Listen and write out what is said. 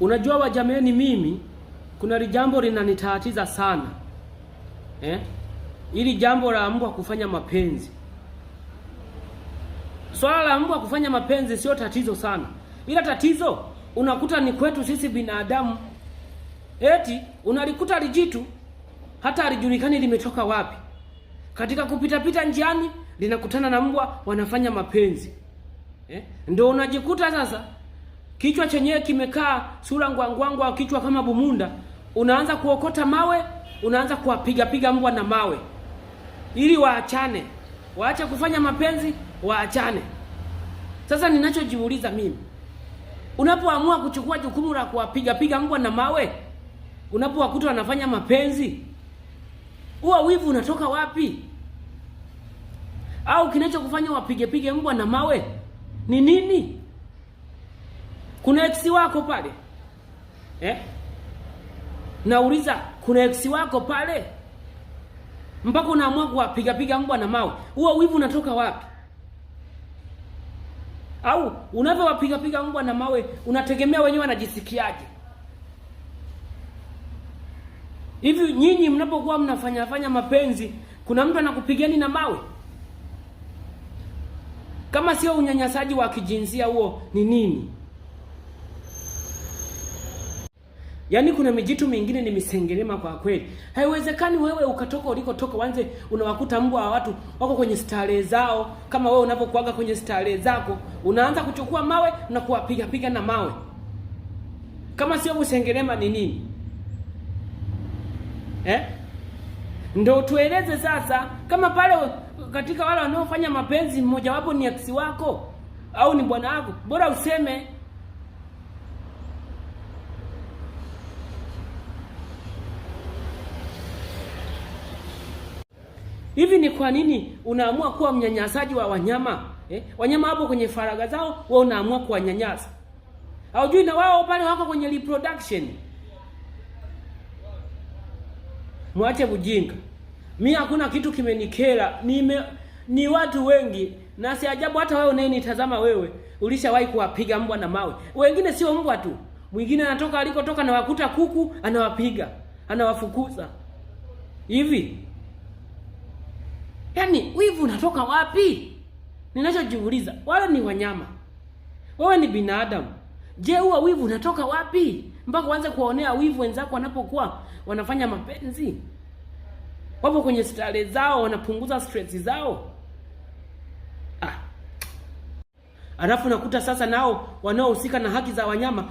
Unajua wajameni, mimi kuna jambo linanitatiza sana eh? Ili jambo la mbwa kufanya mapenzi. Swala la mbwa kufanya mapenzi sio tatizo sana, ila tatizo unakuta ni kwetu sisi binadamu. Eti unalikuta lijitu hata alijulikani limetoka wapi, katika kupitapita njiani linakutana na mbwa wanafanya mapenzi eh? Ndio unajikuta sasa kichwa chenyewe kimekaa sura ngwangwangwa, kichwa kama bumunda, unaanza kuokota mawe, unaanza kuwapiga piga mbwa na mawe ili waachane, waache kufanya mapenzi, waachane. Sasa ninachojiuliza mimi, unapoamua kuchukua jukumu la kuwapiga piga mbwa na mawe, unapowakuta wanafanya mapenzi, huo wivu unatoka wapi? Au kinachokufanya wapige pige mbwa na mawe ni nini? kuna ex wako pale eh? Nauliza, kuna ex wako pale mpaka unaamua kuwapiga piga mbwa na mawe. Huo wivu unatoka wapi? Au unavyowapiga piga mbwa na mawe, unategemea wenyewe wanajisikiaje? Hivi nyinyi mnapokuwa mnafanya fanya mapenzi, kuna mtu anakupigeni na mawe? Kama sio unyanyasaji wa kijinsia huo ni nini? Yaani kuna mijitu mingine ni misengerema kwa kweli. Haiwezekani wewe ukatoka ulikotoka wanze unawakuta mbwa wa watu wako kwenye starehe zao kama wewe unapokuaga kwenye starehe zako, unaanza kuchukua mawe na kuwapiga piga na mawe. Kama sio usengerema ni nini? Eh? Ndio tueleze sasa kama pale katika wale wanaofanya mapenzi mmoja wapo ni aksi wako au ni bwana wako, bora useme Hivi ni kwa nini unaamua kuwa mnyanyasaji wa wanyama eh? Wanyama hapo kwenye faraga zao, wewe unaamua kuwanyanyasa. Haujui na wao pale wako kwenye reproduction. Mwache kujinga Mi hakuna kitu kimenikera, nime ni watu wengi na si ajabu hata wewe unayenitazama wewe ulishawahi kuwapiga mbwa na mawe. Wengine sio mbwa tu, mwingine anatoka alikotoka, anawakuta kuku, anawapiga, anawafukuza hivi Yaani wivu unatoka wapi? Ninachojiuliza, wale ni wanyama, wewe ni binadamu. Je, huwa wivu unatoka wapi mpaka uanze kuwaonea wivu wenzako wanapokuwa wanafanya mapenzi, wapo kwenye stare zao, wanapunguza stress zao? Ah, alafu nakuta sasa nao wanaohusika na haki za wanyama